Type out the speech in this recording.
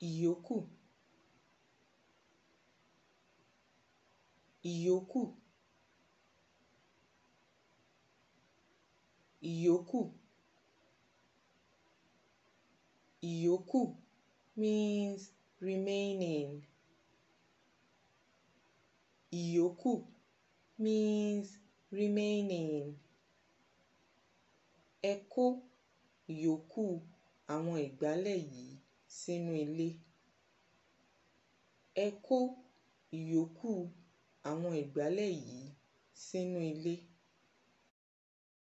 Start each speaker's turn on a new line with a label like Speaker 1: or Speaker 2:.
Speaker 1: ìyókù ìyókù ìyókù ìyókù
Speaker 2: means remaining ìyókù means remaining ẹ kó ìyókù àwọn ìgbálẹ̀ yìí sínú ilé. Ẹ kó ìyókù àwọn ìgbálẹ̀ yìí sínú ilé.